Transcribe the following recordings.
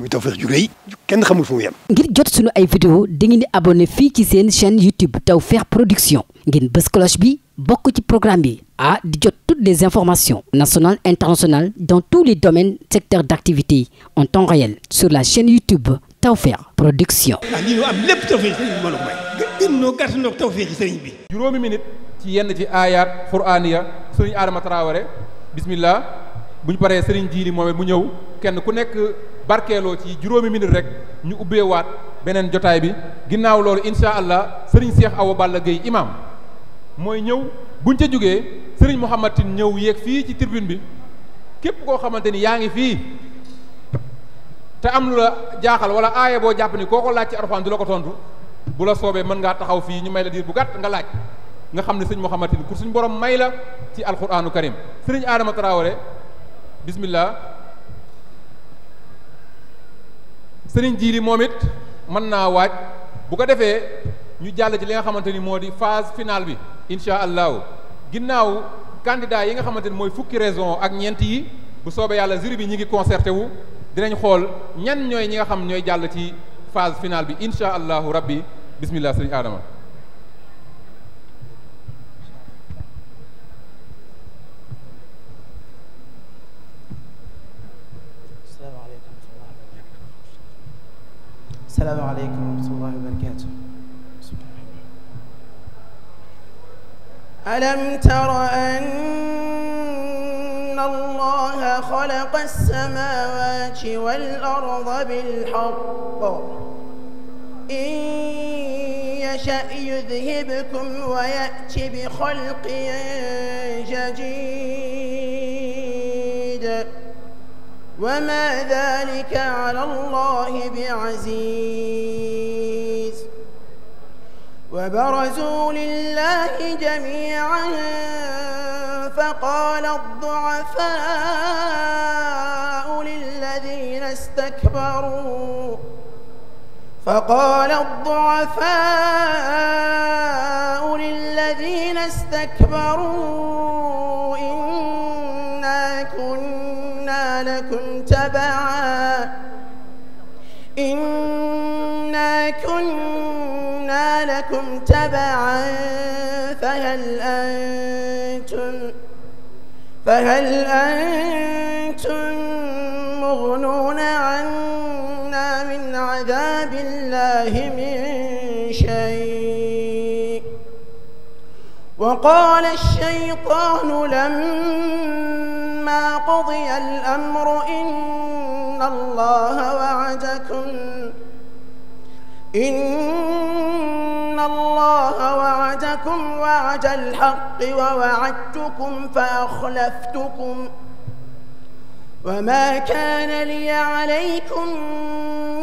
muy Tawfekh ju rëy kenn xamul fu mu yem. ngir jot sunu ci bi bokk ci programme bi ah di jot toutes les informations nationales internationales dans tous les domaines secteurs d'activité en temps la chaîne YouTube Tawfekh Production. ah lii am lépp Tawfekh sëriñ bi may. yenn ci aayaat quraaniya sëriñ Adama Traoré bismillah bu ñu paree sëriñ Jiili moom mu ñëw kenn ku nekk. barkeeloo ci juróomi minute rek ñu ubbeewaat beneen jotaay bi ginnaaw loolu incha allah sëriñ Cheikh Awa Balla Gueye imam mooy ñëw buñ ca jógee sëriñ Mouhamad Tine ñëw yeeg fii ci tribune bi képp koo xamante ni yaa ngi fii te am lu la jaaxal wala aaya boo jàpp ni koo ko laaj ci Alxuraan du la ko tontu bu la soobee mën ngaa taxaw fii ñu may la diir bu gàtt nga laaj nga xam ne sëñ Mouhamad Tine ku suñ borom may la ci alquraanu karim sëriñ Adama Traoré bismillah sëriñ Jili moom it mën naa waaj bu ko defee ñu jàll ci li nga xamante ni moo di phase finale bi incha allahu ginnaaw candidat yi nga xamante ni mooy fukki raison ak ñeent yi bu soobee yàlla jury bi ñi ngi concerté wu dinañ xool ñan ñooy ñi nga xam ñooy jàll ci phase finale bi incha allahu rabbi bismillah sëriñ aadama aleykum wa rahmatullahi wa barakatuh ألم تر أن الله خلق السماوات والأرض بالحق إن يشأ يذهبكم ويأتي بخلق جديد وما ذلك على الله بعزيز وبرزوا لله جميعا فقال الضعفاء للذين استكبروا فقال الضعفاء للذين استكبروا كنا لكم تبعا فهل أنتم فهل أنتم مغنون عنا من عذاب الله من شيء وقال الشيطان لما قضي الأمر إن الله إن الله وعدكم وعد الحق ووعدتكم فأخلفتكم وما كان لي عليكم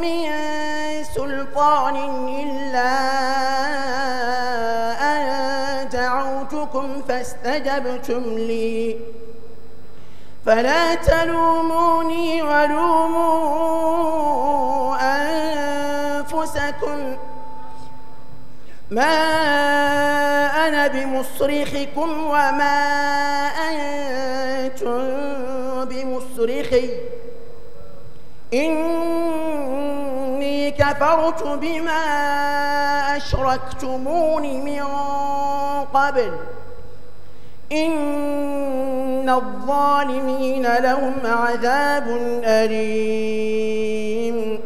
من سلطان إلا أن دعوتكم فاستجبتم لي فلا تلوموني ولوموا أنفسكم ما أنا بمصرخكم وما أنتم بمصرخي إني كفرت بما أشركتمون من قبل إن الظالمين لهم عذاب أليم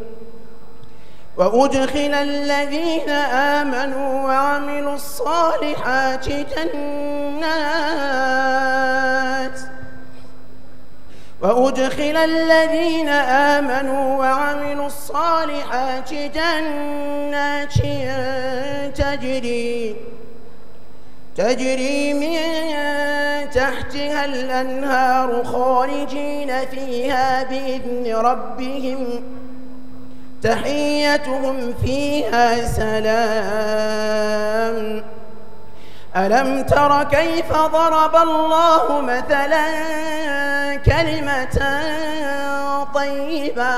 وأدخل الذين آمنوا وعملوا الصالحات جنات وأدخل الذين آمنوا وعملوا الصالحات جنات تجري تجري من تحتها الأنهار خالجين فيها بإذن ربهم تحيتهم فيها سلام ألم تر كيف ضرب الله مثلا كلمة طيبة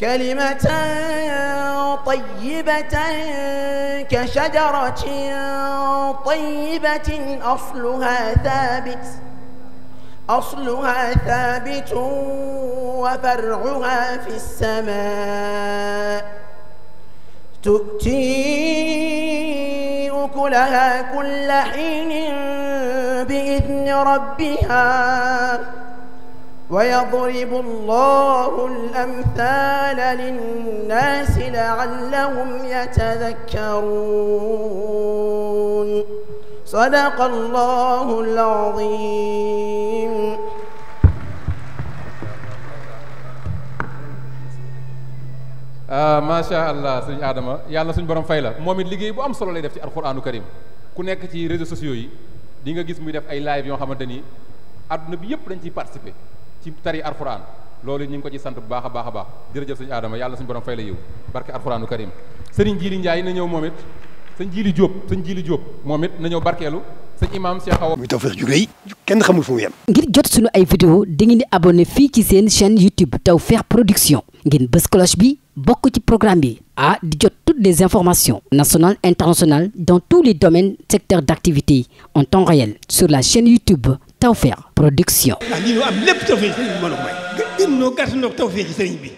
كلمة طيبة كشجرة طيبة أصلها ثابت أصلها ثابت وفرعها في السماء تؤتي أكلها كل حين بإذن ربها ويضرب الله الأمثال للناس لعلهم يتذكرون صدق الله العظيم Ah, macha allah sëñ Adama yàlla suñ borom fay la moom it liggéey bu am solo lay def ci alquranu karim ku nekk ci réseaux sociaux yi di nga gis muy def ay live yoo xamante ni adduna bi yëpp dañ ciy participer ci tari alquran loolu ñu ngi ko ci sant bu baax a baax a baax jërëjëf sëñ Adama yàlla suñu borom fay la yiw barke alquranu karim sëriñ Jiili Njaay na ñëw moom it sëñ Jiili Jóob sëñ Jiili Jóob moom it na ñëw barkeelu sëñ imaam Cheikh Awa muy Tawfekh ju kenn xamul fu mu jot suñu ay vidéo da ngeen di abonné fii ci seen chaîne YouTube Tawfekh Production ngeen bi bokk ci programme bi ah di jot toutes les informations nationales internationales dans tous les domaines secteurs d'activité en temps réel sur la chaîne YouTube Tawfekh Production. ah lii loo am lépp tawfeer ci sëriñ bi mën a may. gën noo gàtt noo ci sëriñ bi.